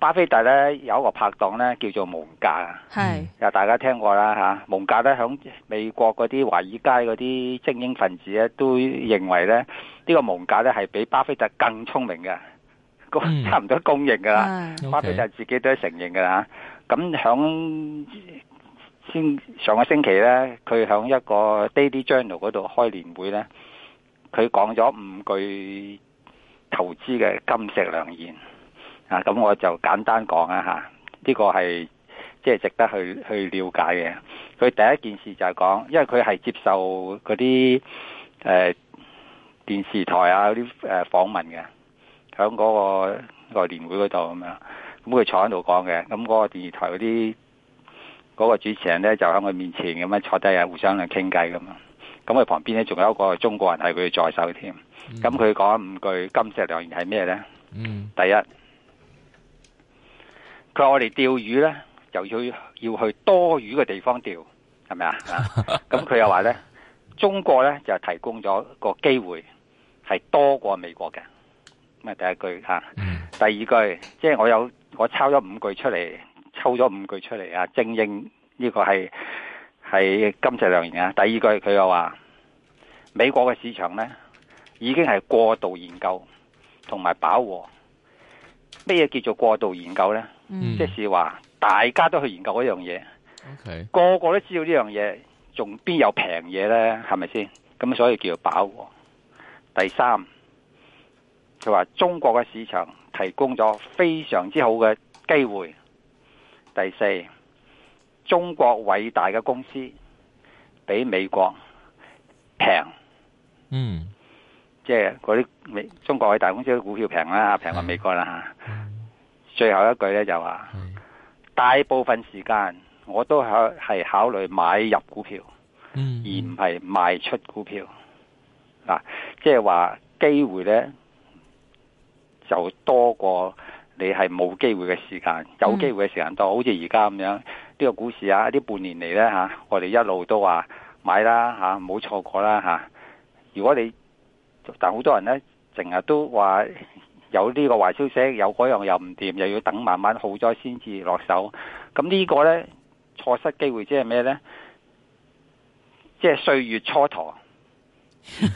巴菲特咧有一個拍檔咧叫做蒙格，又大家聽過啦嚇。蒙格咧響美國嗰啲華爾街嗰啲精英分子咧都認為咧呢個蒙格咧係比巴菲特更聰明嘅，差唔多公認㗎啦。巴菲特自己都係承認㗎啦。咁響先上個星期咧，佢響一個 Daily Journal 嗰度開年會咧，佢講咗五句投資嘅金石良言。啊，咁我就簡單講一下，呢個係即係值得去去了解嘅。佢第一件事就係講，因為佢係接受嗰啲誒電視台啊嗰啲訪問嘅，響嗰個年會嗰度咁樣，咁佢坐喺度講嘅，咁嗰個電視台嗰啲嗰個主持人咧就喺佢面前咁樣坐低啊，互相傾偈咁樣。咁佢旁邊咧仲有一個中國人係佢助手添。咁佢講五句金石良言係咩咧？嗯。第一。我哋釣魚呢，就要要去多魚嘅地方釣，係咪啊？咁佢又話呢，中國呢就提供咗個機會係多過美國嘅。咁啊，第一句，第二句，即係我有我抄咗五句出嚟，抽咗五句出嚟啊！精英呢個係係金石良言啊！第二句佢、就是這個、又話，美國嘅市場呢已經係過度研究同埋飽和。咩嘢叫做過度研究呢？Mm. 即是話，大家都去研究一樣嘢，okay. 個個都知道呢樣嘢，仲邊有平嘢呢？係咪先？咁所以叫飽和。第三，佢話中國嘅市場提供咗非常之好嘅機會。第四，中國偉大嘅公司比美國平。嗯、mm.，即係嗰啲美中國偉大公司嘅股票平啦，平過美國啦。Mm. 最後一句咧就話，大部分時間我都係考慮買入股票，而唔係賣出股票。嗱，即係話機會呢，就多過你係冇機會嘅時間，有機會嘅時間多。好似而家咁樣，呢個股市啊，呢半年嚟呢，嚇，我哋一路都話買啦嚇，冇錯過啦嚇。如果你但好多人呢，成日都話。有呢個壞消息，有嗰樣又唔掂，又要等慢慢好咗先至落手。咁呢個呢，錯失機會，即係咩呢？即係歲月蹉跎，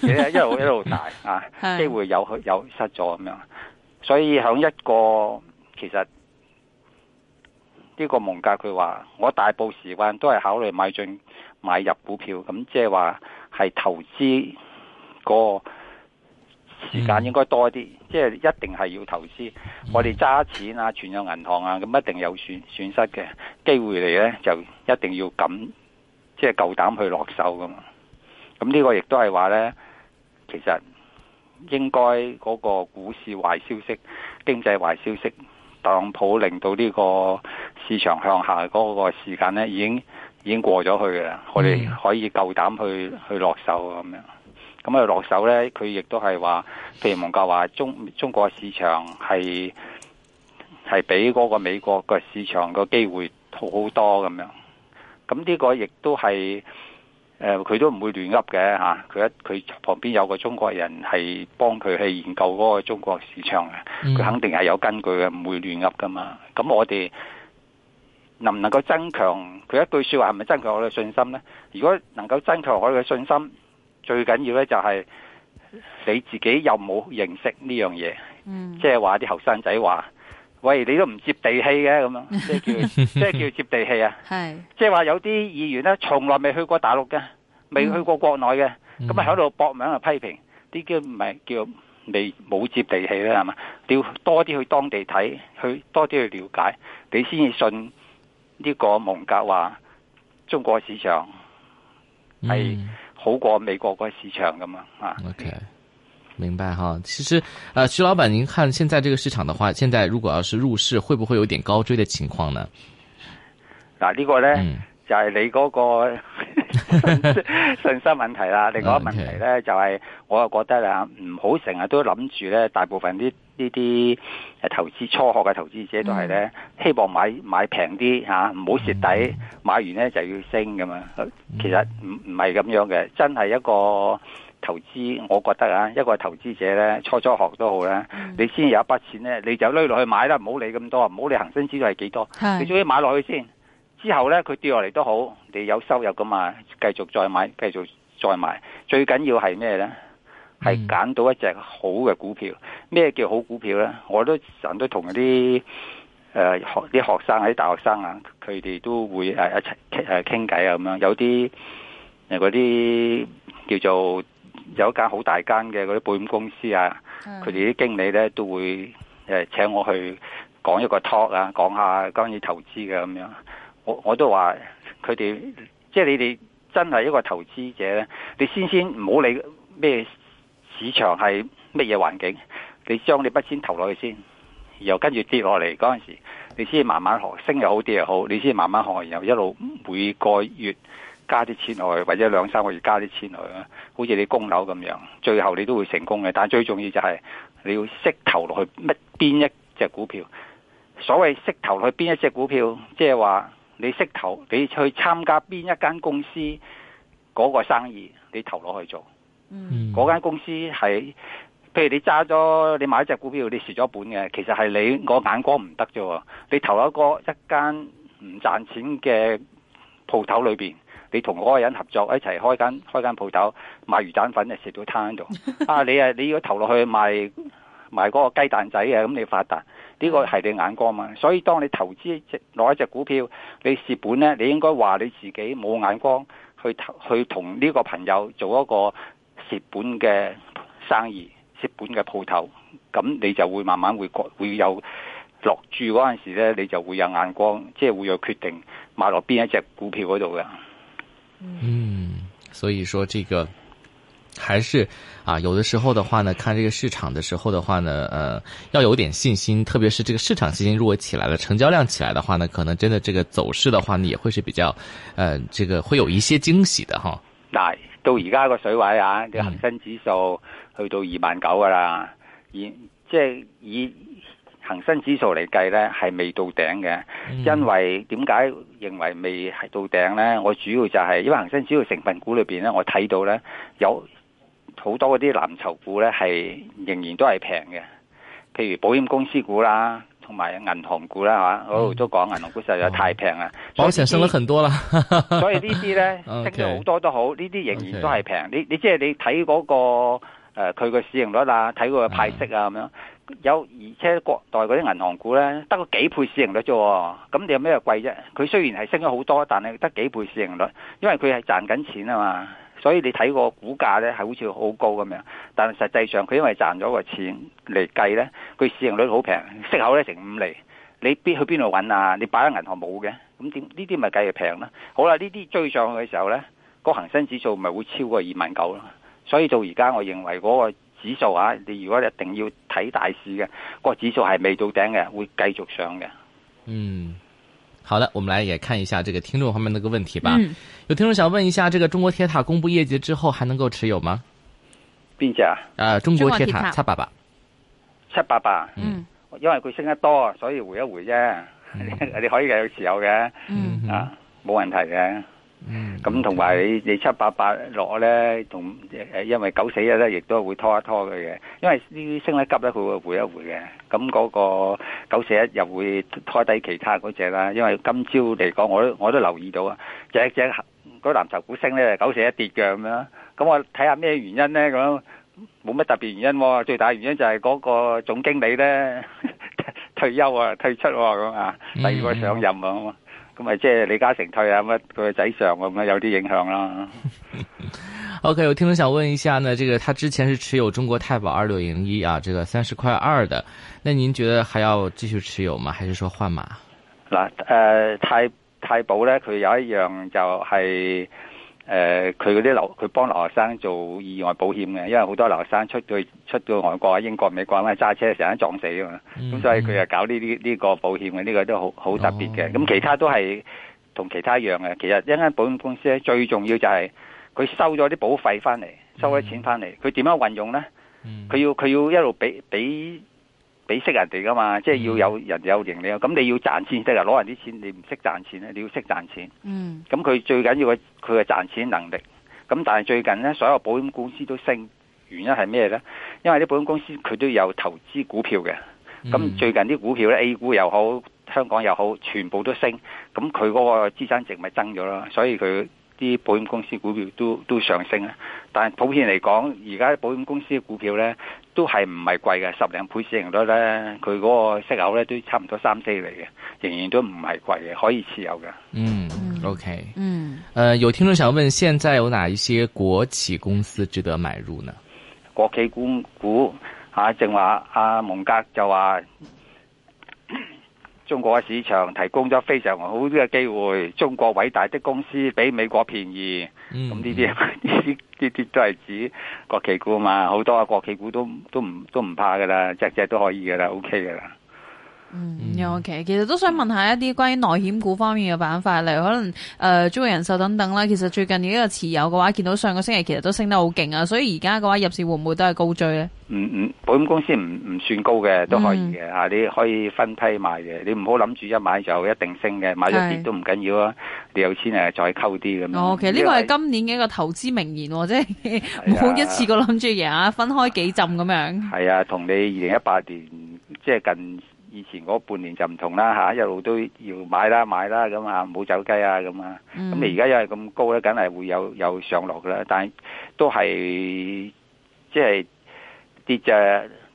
你一路一路大 啊，機會有去 有失咗咁樣。所以響一個其實呢個蒙格佢話，我大部時間都係考慮買進買入股票，咁即係話係投資個。時間應該多啲、嗯，即係一定係要投資、嗯。我哋揸錢啊、存入銀行啊，咁一定有損損失嘅機會，嚟呢就一定要敢，即係夠膽去落手咁。咁呢個亦都係話呢，其實應該嗰個股市壞消息、經濟壞消息、特朗普令到呢個市場向下嗰個時間呢，已經已經過咗去嘅，我哋可以夠膽、嗯、去去落手咁樣。咁佢落手呢，佢亦都係話，譬如蒙格話中中國市場係係比嗰個美國個市場個機會好好多咁樣。咁呢個亦都係佢、呃、都唔會亂噏嘅。佢一佢旁邊有個中國人係幫佢去研究嗰個中國市場嘅，佢肯定係有根據嘅，唔會亂噏㗎嘛。咁我哋能唔能夠增強佢一句說話係咪增強我哋嘅信心呢？如果能夠增強我哋嘅信心？最緊要咧就係你自己又冇認識呢樣嘢。嗯，即係話啲後生仔話，喂，你都唔接地氣嘅咁樣，即係叫即係 叫接地氣啊！係，即係話有啲議員咧，從來未去過大陸嘅，未去過國內嘅，咁啊喺度搏命啊批評，啲叫唔係叫你冇接地氣咧係嘛？要多啲去當地睇，去多啲去了解，你先至信呢個蒙格話中國市場係。嗯好過美國嗰個市場咁嘛？啊，OK，明白哈。其實，啊、呃，徐老闆，您看現在這個市場的話，現在如果要是入市，會不會有點高追的情況呢？嗱、啊，呢、這個呢，嗯、就係、是、你嗰、那個 信心問題啦。 你嗰個問題呢，okay。就係，我又覺得啊，唔好成日都諗住呢大部分啲。呢啲投資初學嘅投資者都係咧，希望買、嗯、買平啲，唔好蝕底，嗯、買完咧就要升咁嘛。其實唔唔係咁樣嘅，真係一個投資，我覺得啊，一個投資者咧初初學都好啦、嗯，你先有一筆錢咧，你就攞落去買啦，唔好理咁多，唔好理恒生指數係幾多，你最緊要買落去先。之後咧佢跌落嚟都好，你有收入噶嘛，繼續再買，繼續再買。最緊要係咩咧？係、嗯、揀到一隻好嘅股票。咩叫好股票咧？我都成日都同啲誒學啲學生啊，啲大學生啊，佢哋都會誒一齊誒傾偈啊咁樣。有啲誒嗰啲叫做有一間好大間嘅嗰啲保險公司啊，佢哋啲經理咧都會誒、呃、請我去講一個 talk 啊，講下關於投資嘅咁樣。我我都話佢哋即係你哋真係一個投資者咧，你先先唔好理咩市場係乜嘢環境。你將你筆錢投落去先，然後跟住跌落嚟嗰陣時，你先慢慢學，升又好跌又好，你先慢慢學，然後一路每個月加啲錢落去，或者兩三個月加啲錢落去，好似你供樓咁樣，最後你都會成功嘅。但係最重要就係你要識投落去乜邊一隻股票。所謂識投落去邊一隻股票，即係話你識投，你去參加邊一間公司嗰個生意，你投落去做。嗯，嗰間公司係。譬如你揸咗你買一隻股票，你蝕咗本嘅，其實係你個眼光唔得啫。你投一個一間唔賺錢嘅鋪頭裏面，你同個人合作一齊開一間開間鋪頭賣魚蛋粉，就蝕到攤度 啊！你啊，你要投落去賣賣嗰個雞蛋仔嘅，咁你發達呢個係你眼光嘛。所以當你投資攞一隻股票，你蝕本咧，你應該話你自己冇眼光去投去同呢個朋友做一個蝕本嘅生意。基本嘅鋪頭，咁你就會慢慢會覺會有落注嗰陣時呢，你就會有眼光，即係會有決定買落邊一隻股票嗰度噶。嗯，所以說這個還是啊，有的時候的話呢，看這個市場的時候的話呢，呃，要有點信心，特別是這個市場信心如果起來了，成交量起來的話呢，可能真的這個走勢的話呢，也會是比較，呃，這個會有一些驚喜的哈。到而家個水位啊，個恒生指數去到二萬九㗎啦，而即係以恒生指數嚟計咧，係未到頂嘅，mm. 因為點解認為未係到頂咧？我主要就係、是、因為恒生指數成分股裏邊咧，我睇到咧有好多嗰啲藍籌股咧係仍然都係平嘅，譬如保險公司股啦。同埋銀行股啦，嚇！我都講銀行股實在太平啦。保險升咗很多啦，所以呢啲 呢，升咗好多都好，呢啲仍然都係平、okay。你你即係你睇嗰個佢個、呃、市盈率啊，睇佢個派息啊咁樣、嗯。有而且國內嗰啲銀行股呢，得個幾倍市盈率啫，咁你有咩貴啫？佢雖然係升咗好多，但係得幾倍市盈率，因為佢係賺緊錢啊嘛。所以你睇個股價咧係好似好高咁樣，但係實際上佢因為賺咗個錢嚟計咧，佢市盈率好平，息口咧成五厘。你邊去邊度揾啊？你擺喺銀行冇嘅，咁點呢啲咪計係平啦？好啦，呢啲追上去嘅時候咧，個恒生指數咪會超過二萬九咯。所以到而家我認為嗰個指數啊，你如果你一定要睇大市嘅個指數係未到頂嘅，會繼續上嘅。嗯。好的，我們來也看一下這個聽眾方面那個問題吧、嗯。有聽眾想問一下，這個中國鐵塔公布業績之後還能夠持有嗎？邊隻啊，中國鐵塔七八八，七八八,八。嗯，因為佢升得多，所以回一回啫，嗯、 你可以繼續持有嘅、嗯，啊，冇問題嘅。嗯，咁同埋你你七八八落咧，仲誒因為九死一咧，亦都會拖一拖佢嘅，因為呢啲升咧急咧，佢會回一回嘅。咁嗰個九四一又會拖低其他嗰隻啦。因為今朝嚟講，我都我都留意到啊，只隻嗰藍籌股升咧，九四一跌嘅咁樣。咁我睇下咩原因咧？咁冇乜特別原因喎、啊。最大原因就係嗰個總經理咧 退休啊，退出咁啊，第二個上任啊嘛。嗯嗯咁咪即係李嘉誠退啊乜佢仔上咁樣，有啲影響啦。 OK，有聽眾想問一下呢，這個他之前是持有中國太保二六零一啊，這個三十塊二的，那您覺得還要繼續持有嗎？還是說換碼？嗱、呃，誒，太太保咧，佢有一樣就係、是。誒、呃，佢嗰啲留佢幫留學生做意外保險嘅，因為好多留學生出到去出到外國啊，英國、美國啊，揸車成日撞死啊嘛，咁、嗯、所以佢又搞呢啲呢個保險嘅，呢、呢個都好好特別嘅。咁、哦、其他都係同其他一樣嘅。其實一間保險公司咧，最重要就係佢收咗啲保費翻嚟、嗯，收咗啲錢翻嚟，佢點樣運用咧？佢要佢要一路俾俾。俾識人哋噶嘛，即係要有人有盈利啊！咁、mm. 你要賺錢先得啊！攞人啲錢，你唔識賺錢咧，你要識賺錢。嗯。咁佢最緊要嘅，佢嘅賺錢能力。咁但係最近咧，所有保險公司都升，原因係咩咧？因為啲保險公司佢都有投資股票嘅。咁最近啲股票咧、mm.，A 股又好，香港又好，全部都升。咁佢嗰個資產值咪增咗咯？所以佢啲保險公司股票都都上升啊！但係普遍嚟講，而家保險公司嘅股票咧。都係唔係貴嘅，十零倍市盈率咧，佢嗰個息口咧都差唔多三四厘嘅，仍然都唔係貴嘅，可以持有嘅。嗯，OK，嗯，呃，有聽眾想問，現在有哪一些國企公司值得買入呢？國企股股，啊，正話阿蒙格就話。中國嘅市場提供咗非常好啲嘅機會，中國偉大的公司比美國便宜，咁呢啲呢啲呢啲都係指國企股啊嘛，好多啊國企股都都唔都唔怕噶啦，隻隻都可以噶啦，OK 噶啦。嗯，OK，其實都想問下一啲關於內險股方面嘅板塊，例如可能誒中國人壽等等啦。其實最近呢個持有嘅話，見到上個星期其實都升得好勁啊，所以而家嘅話入市會唔會都係高追咧？唔唔，保險公司唔唔算高嘅，都可以嘅吓，你可以分批買嘅。你唔好諗住一買就一定升嘅，買咗跌都唔緊要啊。你有錢啊，再溝啲咁樣。OK，呢個係今年嘅一個投資名言，即係唔好一次過諗住贏啊，分開幾浸咁樣。係啊，同你二零一八年即係近。以前嗰半年就唔同啦嚇，一路都要買啦買啦咁啊，冇走雞啊咁啊。咁、嗯、你而家因為咁高咧，梗係會有有上落噶啦。但係都係即係跌就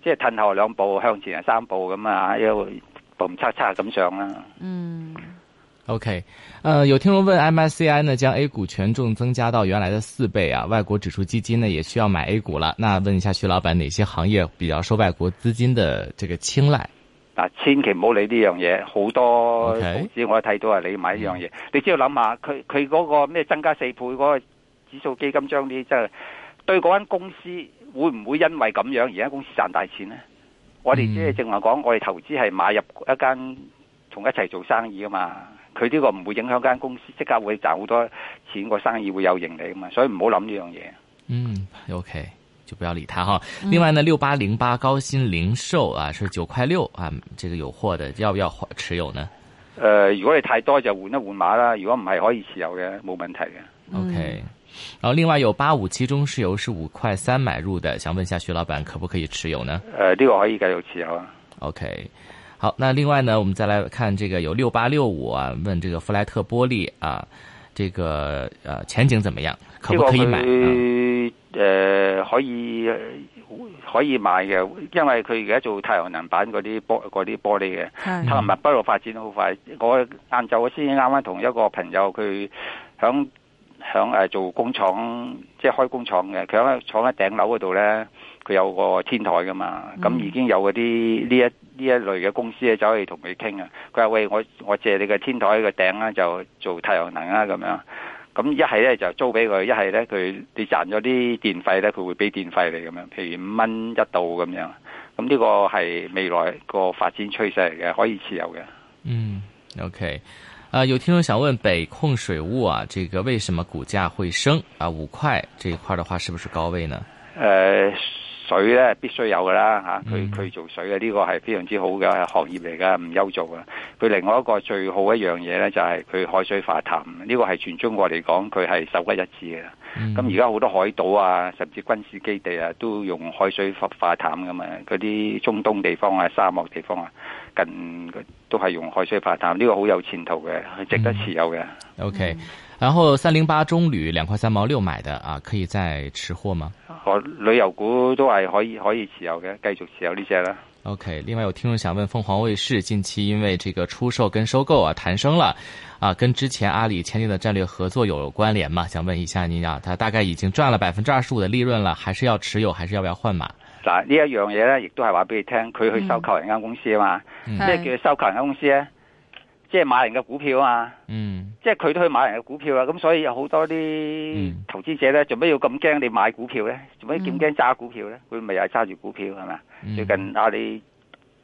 即係褪後兩步向前係三步咁啊，一路蹦擦擦咁上啦。嗯，OK，呃，有聽眾問 MSCI 呢，將 A 股權重增加到原來的四倍啊，外國指數基金呢也需要買 A 股啦。那問一下徐老闆，哪些行業比較受外國資金的這個青睞？千祈唔好理呢樣嘢，好多投資我睇到係、okay。你買呢樣嘢。你只要諗下佢佢嗰個咩增加四倍嗰、嗰個指數基金將啲即係對嗰間公司會唔會因為咁樣而家公司賺大錢呢？我哋即係正話講，我哋投資係買入一間同一齊做生意啊嘛。佢呢個唔會影響間公司即刻會賺好多錢，個生意會有盈利啊嘛。所以唔好諗呢樣嘢。嗯，OK。就不要理他哈。另外呢，六八零八高鑫零售啊是九塊六啊，這個有貨的，要不要持有呢？呃，如果你太多就換一換碼啦。如果唔係，可以持有嘅，冇問題嘅。OK。然後，另外有八五七中石油是五塊三買入的，想問一下徐老闆可不可以持有呢？呃，呢、這個可以繼續持有啊。OK。好，那另外呢，我們再來看這個有六八六五啊，問這個福萊特玻璃啊，這個呃、啊、前景怎麼樣？可不可以買、啊這個可以？呃。可以可以買嘅，因為佢而家做太陽能板嗰啲玻啲玻璃嘅，太陽能不路發展得好快。我晏晝先啱啱同一個朋友在，佢響響誒做工廠，即、就、係、是、開工廠嘅，佢響廠喺頂樓嗰度咧，佢有個天台噶嘛，咁、mm. 已經有嗰啲呢一呢一類嘅公司咧走去同佢傾啊，佢話喂，我我借你嘅天台嘅頂啊，就做太陽能啊咁樣。咁一係咧就租俾佢，一係咧佢你賺咗啲電費咧，佢會俾電費你咁樣，譬如五蚊一度咁樣。咁呢個係未來個發展趨勢嚟嘅，可以持有嘅。嗯，OK，啊，有聽眾想問北控水務啊，這個為什麼股價會升啊？五塊這一塊的話，是不是高位呢？誒、呃。水咧必須有㗎啦吓，佢、啊、佢做水嘅呢、這個係非常之好嘅，係行業嚟㗎，唔憂做㗎。佢另外一個最好一樣嘢咧就係、是、佢海水化淡，呢、這個係全中國嚟講佢係首屈一指嘅。咁而家好多海島啊，甚至軍事基地啊，都用海水化化淡㗎嘛。嗰啲中東地方啊，沙漠地方啊，近都係用海水化淡，呢、這個好有前途嘅，係值得持有嘅、嗯。OK。然後三零八中旅兩塊三毛六買的啊，可以再持貨嗎？我旅遊股都係可以可以持有嘅，繼續持有呢隻啦。OK，另外有聽眾想問鳳凰衛視近期因為這個出售跟收購啊彈升了，啊跟之前阿里簽訂的戰略合作有關聯嘛？想問一下您啊，他大概已經賺了百分之二十五的利潤了，還是要持有，還是要不要換碼？嗱，呢一樣嘢呢，亦都係話俾你聽，佢去收購一間公司嘛，咩、嗯、叫收購間公司咧？嗯即係買人嘅股票啊嘛，即係佢都去買人嘅股票啊，咁、嗯啊、所以有好多啲投資者咧，做咩要咁驚你買股票咧？做咩咁驚揸股票咧？佢咪又係揸住股票係嘛、嗯？最近阿里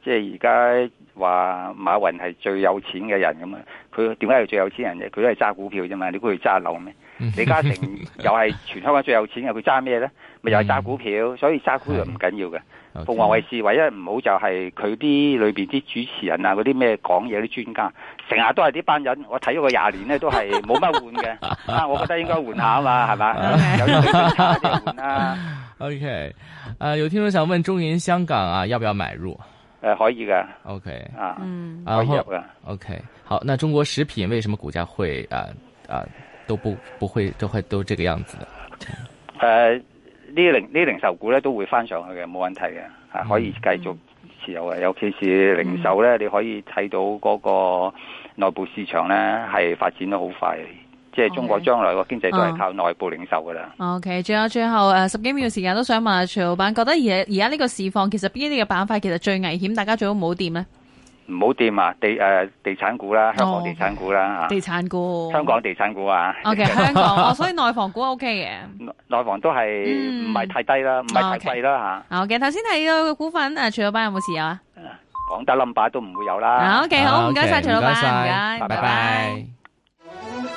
即係而家話馬雲係最有錢嘅人咁啊，佢點解係最有錢人嘅？佢都係揸股票啫嘛，你估佢揸樓咩？ 李嘉誠又係全香港最有錢嘅，佢揸咩咧？咪又係揸股票，嗯、所以揸股又唔緊要嘅。鳳、嗯、凰衛視唯一唔好就係佢啲裏邊啲主持人啊，嗰啲咩講嘢啲專家，成日都係呢班人。我睇咗個廿年咧，都係冇乜換嘅。 啊，我覺得應該換下啊嘛，係嘛？啊啊、 有啲換啦、啊。OK，誒、呃，有聽眾想問中銀香港啊，要不要買入？誒、呃，可以㗎。OK，啊，嗯，可以入㗎。OK，好。那中國食品為什麼股價會啊啊？呃呃都不不會都會都這個樣子嘅。誒、呃，呢零呢零售股咧都會翻上去嘅，冇問題嘅，係、嗯啊、可以繼續持有嘅。尤其是零售咧、嗯，你可以睇到嗰個內部市場咧係發展得好快，即係中國將來個經濟都係靠內部零售噶啦。Okay. Oh. OK，最後最後誒、啊、十幾秒時間都想問下徐老板，覺得而而家呢個市況，其實邊啲嘅板塊其實最危險，大家最好唔好掂啊？唔好掂啊！地、誒、地產股啦，香港地產股啦吓。地產股，香港地產股啊。O K，香港哦，所以內房股 O K 嘅。內房都係唔係太低啦，唔係太貴啦吓。O K，頭先提到嘅股份誒，徐老闆有冇持有啊？廣達冧巴都唔會有啦。O K，好唔該晒，徐老闆，唔該，拜拜。